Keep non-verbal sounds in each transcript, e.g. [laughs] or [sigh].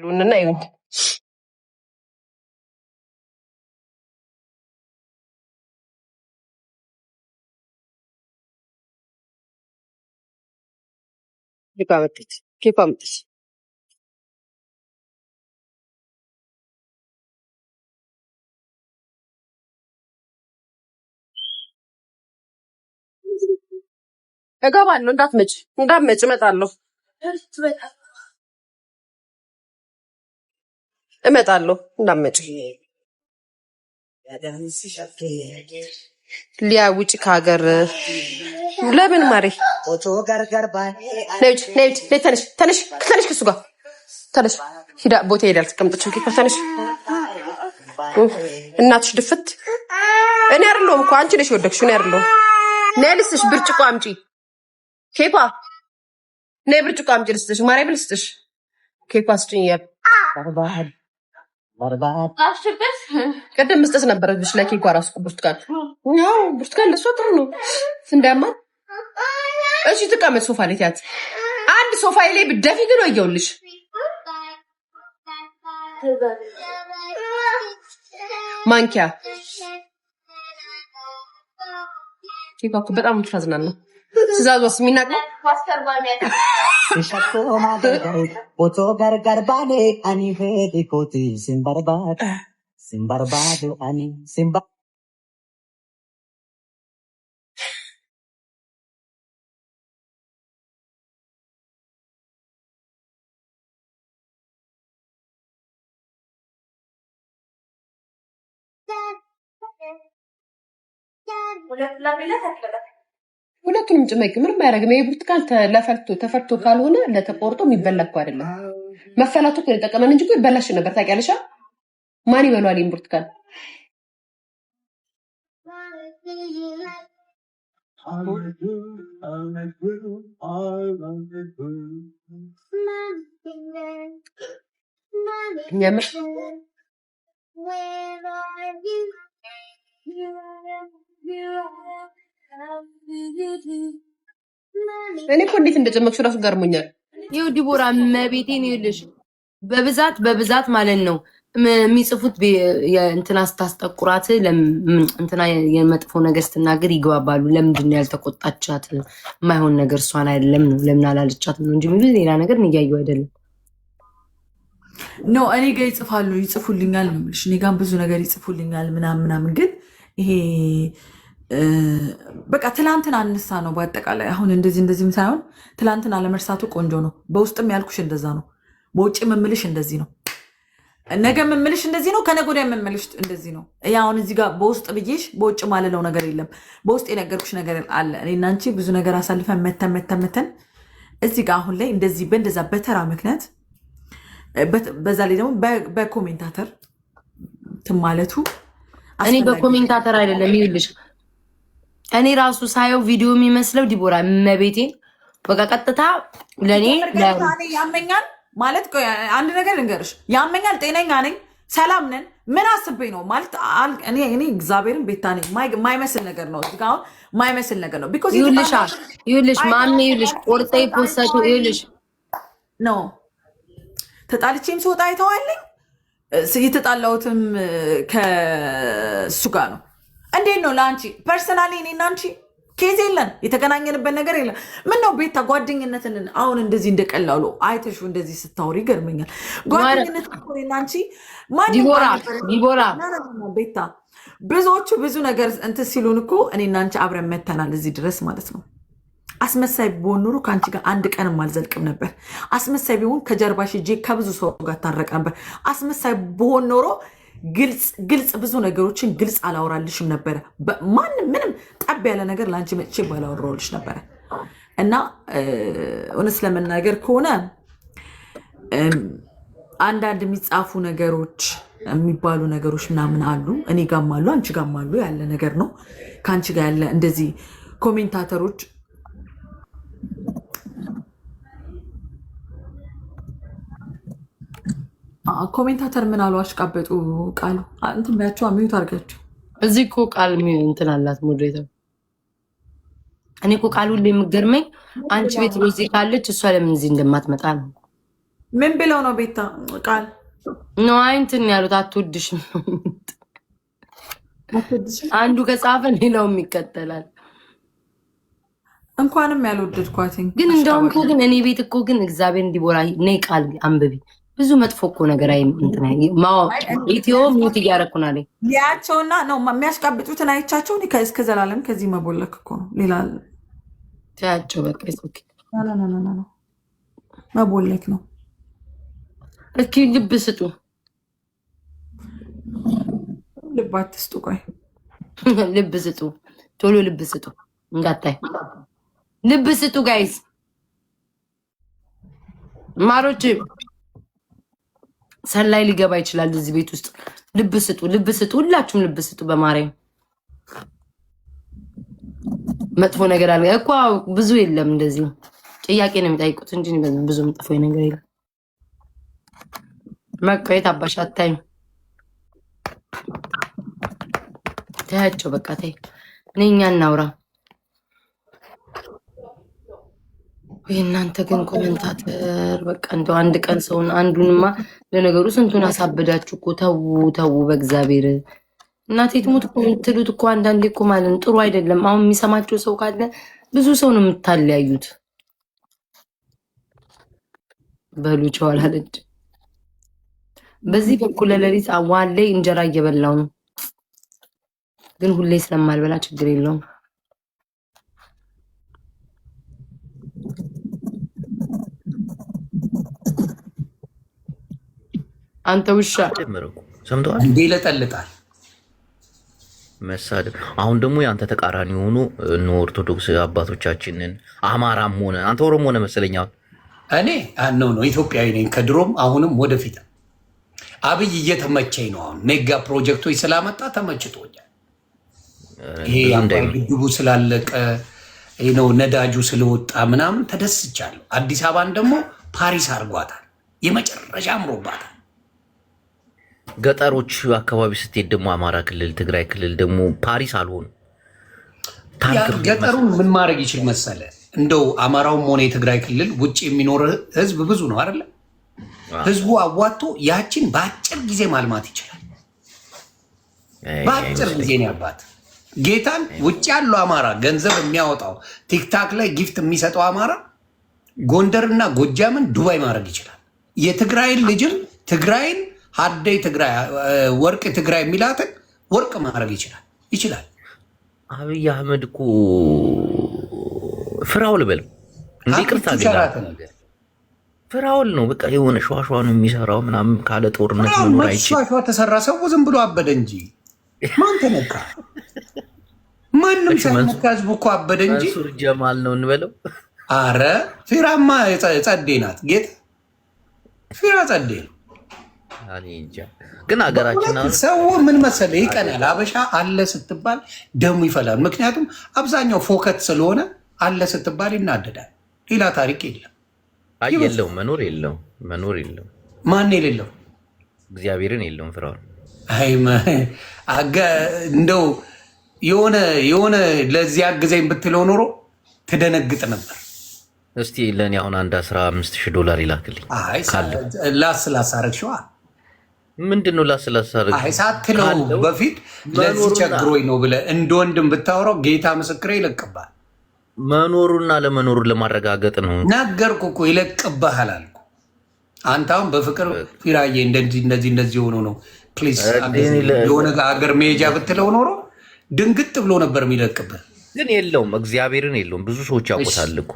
ሉንና ይሁኝ ኬፓ መጥች ኬፓ መጥች እገባለሁ። እንዳትመጭ እንዳትመጭ እመጣለሁ። እመጣለሁ እንዳመጭ ሊያ ውጭ ከሀገር ለምን ማሬ ተነሽ ከሱ ጋር ተነሽ ሂዳ ቦታ ሄዳል ተቀምጠች ተነሽ እናትሽ ድፍት እኔ አይደለሁም እኮ አንቺ ነሽ የወደቅሽው እኔ አይደለሁም ነይ ልስጥሽ ብርጭቆ አምጪ ኬኳ ነይ ብርጭቆ አምጪ ልስጥሽ ማርያምን ልስጥሽ ኬኳ ስጭኝ እያል ቀደም መስጠት ነበረብሽ። ለኬኳ እራሱ ራሱ ብርቱካን ያው ብርቱካን ለእሷ ጥሩ ነው። ስንዳማ እሺ፣ ትቀመጥ ሶፋ ላይ ትያት አንድ ሶፋ ላይ ብደፊ ግን ወየውልሽ። ማንኪያ ኬኳ በጣም ትፋዝናል ነው ትእዛዟስ የሚናቅ ነው Isha ko madagay, puto gargarbane, ani vedi koti simbarbat, simbarbado ani simba. Ulat lang nila, tatlo ሁለቱንም ጭመቂ ምንም አያደርግም። ይሄ ብርቱካን ለፈልቶ ተፈልቶ ካልሆነ ለተቆርጦ የሚበላ እኮ አይደለም። መፈላቱ እኮ የጠቀመን እንጂ ይበላሽ ነበር። ታውቂያለሽ? ማን ይበሏል? ይህም ብርቱካን የምር እኔ እኮ እንዴት እንደጨመቅሽው እራሱ ገርሞኛል። ይኸው ዲቦራ መቤቴን ይኸውልሽ፣ በብዛት በብዛት ማለት ነው የሚጽፉት እንትና ስታስጠቁራት እንትና የመጥፎ ነገር ስትናገር ይግባባሉ። ለምንድን ነው ያልተቆጣቻት? የማይሆን ነገር እሷን አይደለም ነው ለምን አላለቻት ነው እንጂ የሚሉ ሌላ ነገር እያየሁ አይደለም። ኖ እኔ ጋ ይጽፋሉ፣ ይጽፉልኛል ነው የምልሽ። እኔ ጋም ብዙ ነገር ይጽፉልኛል ምናምን ምናምን ግን ይሄ በቃ ትላንትን አንሳ ነው። በአጠቃላይ አሁን እንደዚህ እንደዚህም ሳይሆን ትላንትን አለመርሳቱ ቆንጆ ነው። በውስጥም ያልኩሽ እንደዛ ነው። በውጭ የምምልሽ እንደዚህ ነው። ነገ የምምልሽ እንደዚህ ነው። ከነገ ወዲያ የምምልሽ እንደዚህ ነው። ያ አሁን እዚህ ጋር በውስጥ ብዬሽ በውጭ ማለለው ነገር የለም። በውስጥ የነገርኩሽ ነገር አለ። እና አንቺ ብዙ ነገር አሳልፈን መተን መተን መተን እዚህ ጋር አሁን ላይ እንደዚህ በእንደዛ በተራ ምክንያት በዛ ላይ ደግሞ በኮሜንታተር ትማለቱ እኔ በኮሜንታተር አይደለም ይልሽ እኔ ራሱ ሳየው ቪዲዮ የሚመስለው ዲቦራ መቤቴን በቃ ቀጥታ ለእኔ ያመኛል። ማለት አንድ ነገር ልንገርሽ፣ ያመኛል። ጤነኛ ነኝ፣ ሰላም ነን። ምን አስቤ ነው ማለት እኔ እግዚአብሔርን ቤታ ነኝ። ማይመስል ነገር ነው እዚጋ አሁን ማይመስል ነገር ነው። ይኸውልሽ ይኸውልሽ ማሜ ይኸውልሽ ቆርጠ ፖሰቱ ይኸውልሽ ነው ተጣልቼም ስወጣ አይተዋለኝ። የተጣላሁትም ከእሱ ጋር ነው እንዴት ነው ለአንቺ ፐርሰናሊ እኔና አንቺ ኬዝ የለን፣ የተገናኘንበት ነገር የለን። ምን ነው ቤታ ጓደኝነትን አሁን እንደዚህ እንደቀላሉ አይተሹ እንደዚህ ስታወሪ ይገርመኛል። ጓደኝነት እኔና አንቺ ቤታ ብዙዎቹ ብዙ ነገር እንትን ሲሉን እኮ እኔና አንቺ አብረን መተናል እዚህ ድረስ ማለት ነው። አስመሳይ ቢሆን ኖሮ ከአንቺ ጋር አንድ ቀንም አልዘልቅም ነበር። አስመሳይ ቢሆን ከጀርባሽ ሂጄ ከብዙ ሰው ጋር ታረቅ ነበር። አስመሳይ ቢሆን ኖሮ ግልጽ ብዙ ነገሮችን ግልጽ አላወራልሽም ነበረ። ማንም ምንም ጠብ ያለ ነገር ለአንቺ መቼ ባላወራልሽ ነበረ እና እውነት ለመናገር ከሆነ አንዳንድ የሚጻፉ ነገሮች የሚባሉ ነገሮች ምናምን አሉ። እኔ ጋም አሉ፣ አንቺ ጋም አሉ ያለ ነገር ነው። ከአንቺ ጋር ያለ እንደዚህ ኮሜንታተሮች ኮሜንታተር ምን አሉ? አሽቃበጡ ቃሉ እንትን በያቸው፣ ሚዩት አድርጋቸው። እዚህ እኮ ቃል እንትን አላት ሞዴሬተር። እኔ እኮ ቃል ሁሉ የምገርመኝ አንቺ ቤት ሮዚ ካለች እሷ ለምን እዚህ እንደማትመጣ ነው። ምን ብለው ነው ቤታ ቃል ነው አይንትን ያሉት? አትወድሽም አንዱ ከጻፈ ሌላውም ይከተላል። እንኳንም ያልወደድኳትኝ ግን እንደውም እኮ ግን እኔ ቤት እኮ ግን እግዚአብሔር እንዲቦራ ነይ ቃል አንብቢ ብዙ መጥፎ እኮ ነገር አይ ኢትዮ ሙት እያደረኩና ያቸውና ነው የሚያስቀብጡትን አይቻቸው እስከ ዘላለም ከዚህ መቦለክ እኮ ነው። ሌላ ያቸው በቃ መቦለክ ነው። እስኪ ልብ ስጡ፣ ልብ አትስጡ። ቆይ [laughs] ልብ ስጡ፣ ቶሎ ልብ ስጡ፣ እንዳታይ ልብ ስጡ ጋይዝ ማሮች ሰላይ ሊገባ ይችላል እዚህ ቤት ውስጥ። ልብ ስጡ፣ ልብ ስጡ፣ ሁላችሁም ልብ ስጡ። በማርያም መጥፎ ነገር አለ እኮ ብዙ የለም። እንደዚህ ጥያቄ ነው የሚጠይቁት እንጂ ብዙ መጥፎ ነገር የለም። መቀየት አባሻታይ ታያቸው በቃ ተይ፣ እኔ እኛ እናውራ እናንተ ግን ኮመንታተር በቃ እንደው አንድ ቀን ሰውን አንዱንማ ለነገሩ ስንቱን አሳበዳችሁ እኮ። ተዉ ተዉ፣ በእግዚአብሔር እናቴ ትሙት ትሉት እኮ አንዳንዴ እኮ ማለት ጥሩ አይደለም። አሁን የሚሰማቸው ሰው ካለ ብዙ ሰው ነው የምታለያዩት። በሉ ጨው በዚህ በኩል ለሌሊት አዋለይ እንጀራ እየበላው ነው፣ ግን ሁሌ ስለማልበላ ችግር የለውም። አንተ ውሻ ሰምተዋል እንዴ? ይለጠልጣል መሳደብ። አሁን ደግሞ የአንተ ተቃራኒ የሆኑ እነ ኦርቶዶክስ አባቶቻችንን አማራም ሆነ አንተ ኦሮሞ ሆነ መሰለኛ እኔ ነው ነው ኢትዮጵያዊ ነኝ ከድሮም አሁንም ወደፊት አብይ እየተመቸኝ ነው። አሁን ሜጋ ፕሮጀክቶች ስላመጣ ተመችቶኛል። ይሄ አባይ ግድቡ ስላለቀ ነው ነዳጁ ስለወጣ ምናምን ተደስቻለሁ። አዲስ አበባን ደግሞ ፓሪስ አድርጓታል። የመጨረሻ አምሮባታል። ገጠሮች አካባቢ ስትሄድ ደግሞ አማራ ክልል፣ ትግራይ ክልል ደግሞ ፓሪስ አልሆን ገጠሩን ምን ማድረግ ይችል መሰለ? እንደው አማራውም ሆነ የትግራይ ክልል ውጭ የሚኖር ህዝብ ብዙ ነው አይደለ? ህዝቡ አዋጥቶ ያችን በአጭር ጊዜ ማልማት ይችላል። በአጭር ጊዜ ነው ያባት ጌታን ውጭ ያለው አማራ ገንዘብ የሚያወጣው ቲክታክ ላይ ጊፍት የሚሰጠው አማራ ጎንደርና ጎጃምን ዱባይ ማድረግ ይችላል። የትግራይን ልጅም ትግራይን ሀደይ ትግራይ ወርቅ uh, ትግራይ የሚላትን ወርቅ ማድረግ ይችላል ይችላል። አብይ አህመድ እኮ ፍራውል በለው እንዲህ ፍራውል ነው በቃ የሆነ ሸዋሸዋ ነው የሚሰራው ምናምን ካለ ጦርነት ሸዋሸዋ ተሰራ ሰው ዝም ብሎ አበደ እንጂ ማን ተነካ? ማንም ሳይነካ ህዝቡ እኮ አበደ እንጂ መንሱር ጀማል ነው እንበለው። አረ ፊራማ ጸዴ ናት ጌታ ፊራ ጸዴ ነው። ግን ሀገራችን ሰው ምን መሰለ ይቀናል። አበሻ አለ ስትባል ደሙ ይፈላል። ምክንያቱም አብዛኛው ፎከት ስለሆነ አለ ስትባል ይናደዳል። ሌላ ታሪክ የለም። አይ የለውም፣ መኖር የለውም፣ መኖር የለውም። ማን የሌለው እግዚአብሔርን የለውም። ፍራውን አይ እንደው የሆነ የሆነ ለዚያ ጊዜ ብትለው ኖሮ ትደነግጥ ነበር። እስቲ ለእኔ አሁን አንድ አስራ አምስት ሺህ ዶላር ይላክልኝ ላስ ላሳረግ ሸዋ ምንድን ነው ላስላሳ ሳትለው በፊት ለዚህ ቸግሮኝ ነው ብለህ እንደ ወንድም ብታወራው ጌታ ምስክር ይለቅብሃል። መኖሩና ለመኖሩ ለማረጋገጥ ነው ነገርኩ እኮ ይለቅብሃል አልኩ። አንተ አሁን በፍቅር ፊራዬ እንደዚህ እንደዚህ እንደዚህ የሆነ ነው ፕሊዝ የሆነ ሀገር መሄጃ ብትለው ኖሮ ድንግጥ ብሎ ነበር የሚለቅብህ። ግን የለውም፣ እግዚአብሔርን የለውም። ብዙ ሰዎች ያውቁታል እኮ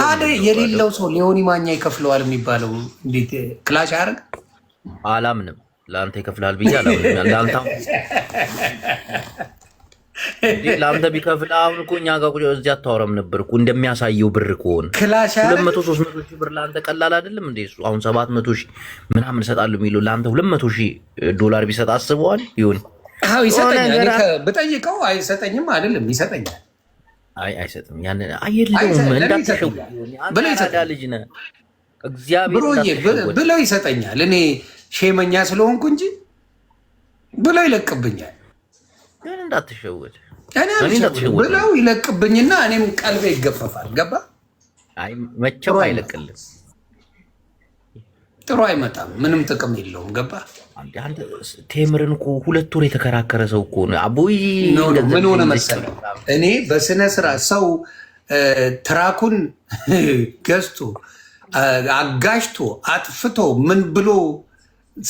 ታዲያ የሌለው ሰው ሊሆን ማኛ ይከፍለዋል የሚባለው እንዴት ክላሽ አያደርግ አላምንም። ለአንተ ይከፍላል ብዬ አላምንም። ለአንተ ቢከፍል አሁን እኮ እኛ ጋር እዚህ አታወራም ነበር እኮ እንደሚያሳየው ብር ከሆነ ሁለት መቶ ሦስት መቶ ሺህ ብር ለአንተ ቀላል አይደለም እንደ እሱ አሁን ሰባት መቶ ሺህ ምናምን እሰጣለሁ የሚለው ለአንተ ሁለት መቶ ሺህ ዶላር ቢሰጥ አስበዋል ይሁን ይሰጠኛል። ብጠይቀው አይሰጠኝም አይደለም ይሰጠኛል። አይ አይሰጥም። ያንን አየለውም እንዳትሸው ብለህ ልጅ ነህ ብለው ይሰጠኛል። እኔ ሼመኛ ስለሆንኩ እንጂ ብለው ይለቅብኛል። ግን እንዳትሸወድ ብለው ይለቅብኝና እኔም ቀልቤ ይገፈፋል። ገባ መቼም አይለቅልም። ጥሩ አይመጣም። ምንም ጥቅም የለውም። ገባ ቴምርን እኮ ሁለት ወር የተከራከረ ሰው እኮ አቦይ ምን ሆነ መሰለው፣ እኔ በስነ ስርዓት ሰው ትራኩን [laughs] ገዝቶ አጋጅቶ አጥፍቶ ምን ብሎ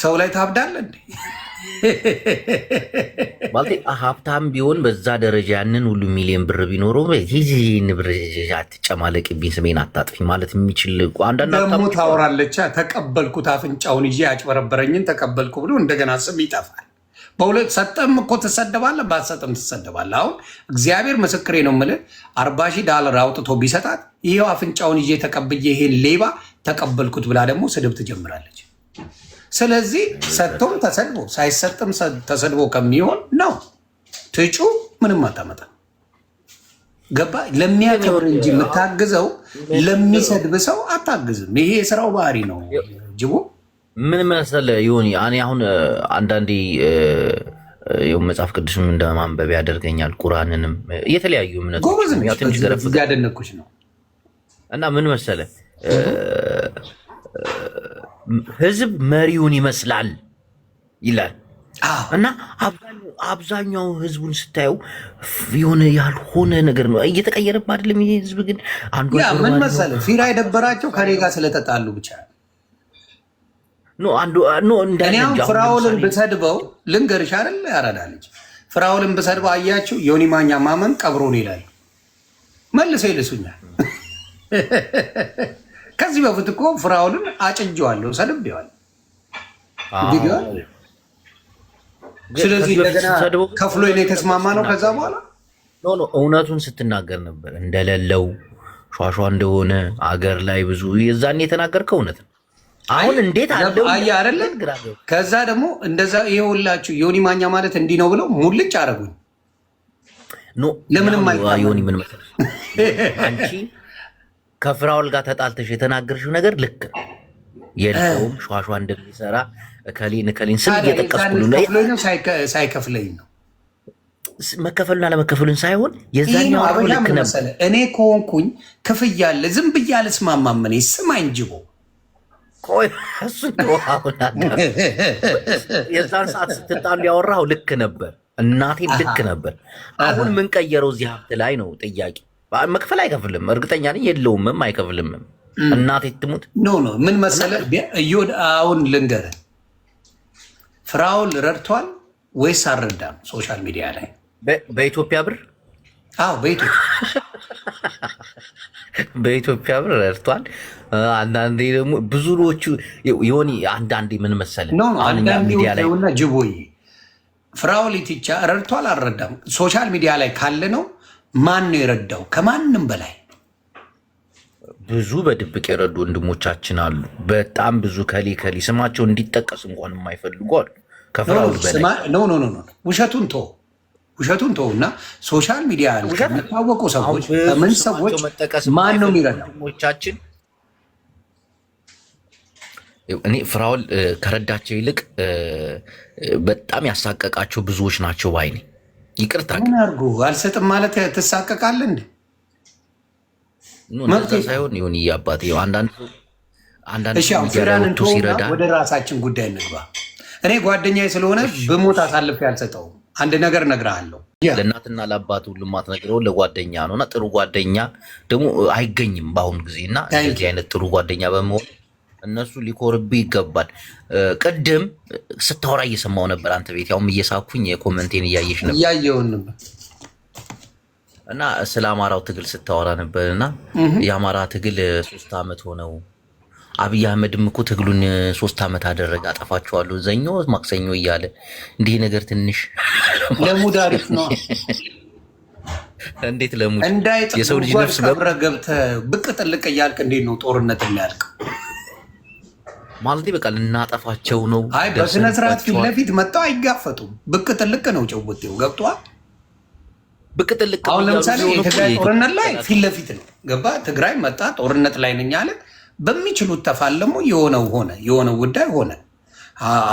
ሰው ላይ ታብዳለ እንዴ? [laughs] ሀብታም ቢሆን በዛ ደረጃ ያንን ሁሉ ሚሊዮን ብር ቢኖረው ንብር አትጨማለቅብኝ፣ ስሜን አታጥፊ ማለት የሚችል ደግሞ ታወራለች። ተቀበልኩት አፍንጫውን ይዤ ያጭበረበረኝን ተቀበልኩ ብሎ እንደገና ስም ይጠፋል። በሁለት ሰጠም እኮ ትሰደባለ ባትሰጥም ትሰደባለ አሁን እግዚአብሔር ምስክሬ ነው የምልህ አርባ ሺህ ዳላር አውጥቶ ቢሰጣት ይሄው አፍንጫውን ይዤ ተቀብዬ ይሄን ሌባ ተቀበልኩት ብላ ደግሞ ስድብ ትጀምራለች። ስለዚህ ሰጥቶም ተሰድቦ ሳይሰጥም ተሰድቦ ከሚሆን ነው ትጩ ምንም አታመጣ። ገባ ለሚያከብር እንጂ የምታግዘው ለሚሰድብ ሰው አታግዝም። ይሄ የስራው ባህሪ ነው ጅቦ ምን መሰለ ይሁን እኔ አሁን አንዳንዴ መጽሐፍ ቅዱስም እንደ ማንበብ ያደርገኛል። ቁርአንንም የተለያዩ እምነቶች ዘረፍ ነው እና ምን መሰለ ህዝብ መሪውን ይመስላል ይላል እና አብዛኛው ህዝቡን ስታየው የሆነ ያልሆነ ነገር ነው እየተቀየረብህ አይደለም? ይሄ ህዝብ ግን አንዱ ምን መሰለ ፊራ የደበራቸው ከኔ ጋር ስለተጣሉ ብቻ እኔም ፍራውልን ብሰድበው ልንገርሽ አይደል ልጅ ፍራውልን ብሰድበው አያችሁ ዮኒ ማኛ ማመን ቀብሮን ይላል መልሰ ይልሱኛል። [laughs] ከዚህ በፊት እኮ ፍራውልን አጭጀዋለሁ፣ ሰድቤዋለሁ። ስለዚህ እንደገና ከፍሎ ነው የተስማማ ነው። ከዛ በኋላ ኖ እውነቱን ስትናገር ነበር እንደሌለው ሿሿ እንደሆነ አገር ላይ ብዙ የዛኔ የተናገርከው እውነት ነው። አሁን እንዴት አየ አይደለ? ከዛ ደግሞ እንደዛ ይኸውላችሁ ዮኒ ማኛ ማለት እንዲህ ነው ብለው ሙልጭ አረጉኝ። ኖ ለምንም ዮኒ ምን መሰለሽ፣ አንቺ ከፍራውል ጋር ተጣልተሽ የተናገርሽው ነገር ልክ የለውም። ሸዋሸ እንደሚሰራ እከሌን እከሌን ስም እየጠቀስኩሉ ሳይከፍለኝ ነው መከፈሉን ለመከፈሉን ሳይሆን የዛኛው ልክ ነበር። እኔ ከሆንኩኝ ክፍያ አለ ዝም ብዬ አልስማማም። እኔ ስማኝ ጅቦ ቆይ እሱን የዛን ሰዓት ስትጣሉ ያወራው ልክ ነበር፣ እናቴ ልክ ነበር። አሁን የምንቀየረው እዚህ ሀብት ላይ ነው ጥያቄ። መክፈል አይከፍልም፣ እርግጠኛ ነኝ የለውምም፣ አይከፍልምም። እናቴ ትሙት ኖ ኖ ምን መሰለህ እዮድ፣ አሁን ልንገርህ፣ ፍራኦል ረድቷል ወይስ አልረዳም? ሶሻል ሚዲያ ላይ በኢትዮጵያ ብር አዎ፣ በኢትዮጵያ ብር ረድቷል አንዳንዴ ደግሞ ብዙዎቹ የሆነ አንዳንዴ ምን መሰለ መሰለህ አንዳንዴና ጅቦዬ ፍራውሊ ቲቻ ረድቶ አላረዳም። ሶሻል ሚዲያ ላይ ካለ ነው ማን ነው የረዳው? ከማንም በላይ ብዙ በድብቅ የረዱ ወንድሞቻችን አሉ። በጣም ብዙ ከሌ ከሌ ስማቸው እንዲጠቀስ እንኳን የማይፈልጉ አሉ። ከፍራኦል በላይ ውሸቱን ቶ ውሸቱን ተው እና ሶሻል ሚዲያ የሚታወቁ ሰዎች ምን ሰዎች ማን ነው የሚረዳው? እኔ ፍራውል ከረዳቸው ይልቅ በጣም ያሳቀቃቸው ብዙዎች ናቸው ባይ ነኝ። ይቅርታ ግን አልሰጥም ማለት ትሳቀቃለህ እንዴ? ሳይሆን ይሁን እያባት አንዳንድ ሲረዳ ወደ ራሳችን ጉዳይ እንግባ። እኔ ጓደኛዬ ስለሆነ በሞት አሳልፌ አልሰጠውም። አንድ ነገር እነግርሃለሁ። ለእናትና ለአባት ሁሉ የማትነግረውን ለጓደኛ ነው። እና ጥሩ ጓደኛ ደግሞ አይገኝም በአሁኑ ጊዜ እና እንደዚህ አይነት ጥሩ ጓደኛ በመሆን እነሱ ሊኮርብ ይገባል። ቅድም ስታወራ እየሰማው ነበር አንተ ቤት ያውም እየሳኩኝ የኮመንቴን እያየሽ ነበር እያየውን ነበር እና ስለ አማራው ትግል ስታወራ ነበር እና የአማራ ትግል ሶስት ዓመት ሆነው አብይ አህመድም እኮ ትግሉን ሶስት ዓመት አደረገ። አጠፋችኋለሁ ዘኞ ማክሰኞ እያለ እንዲህ ነገር ትንሽ ለሙድ አሪፍ ነው። እንዴት ለሙድ እንዳይጥ የሰው ልጅ ነፍስ ገብተህ ብቅ ጥልቅ እያልክ እንዴት ነው ጦርነት የሚያልቅ? ማለት በቃ ልናጠፋቸው ነው። አይ በስነ ስርዓት ፊት ለፊት መጣው አይጋፈጡም። ብቅ ጥልቅ ነው ጭውውጤው ገብቷል። ብቅ ጥልቅ አሁን ለምሳሌ የትግራይ ጦርነት ላይ ፊት ለፊት ነው ገባ። ትግራይ መጣ ጦርነት ላይ ነኝ አለ። በሚችሉት ተፋለሙ። የሆነው ሆነ፣ የሆነው ጉዳይ ሆነ።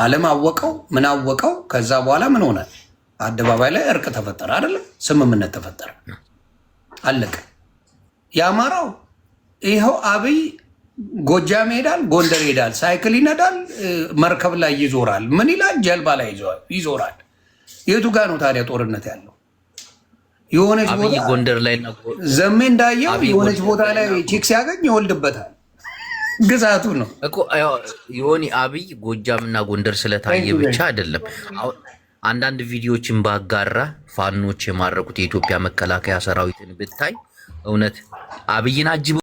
አለም አወቀው፣ ምን አወቀው። ከዛ በኋላ ምን ሆነ? አደባባይ ላይ እርቅ ተፈጠረ አይደለም፣ ስምምነት ተፈጠረ፣ አለቀ። የአማራው ይኸው አብይ ጎጃም ይሄዳል፣ ጎንደር ይሄዳል፣ ሳይክል ይነዳል፣ መርከብ ላይ ይዞራል። ምን ይላል? ጀልባ ላይ ይዞራል። የቱ ጋር ነው ታዲያ ጦርነት ያለው? የሆነች ቦታ ጎንደር ላይ ዘሜ እንዳየው የሆነች ቦታ ላይ ቼክ ሲያገኝ ይወልድበታል። ግዛቱ ነው የሆኒ አብይ ጎጃምና ጎንደር ስለታየ ብቻ አይደለም። አንዳንድ ቪዲዮዎችን ባጋራ ፋኖች የማረኩት የኢትዮጵያ መከላከያ ሰራዊትን ብታይ እውነት አብይን አጅበ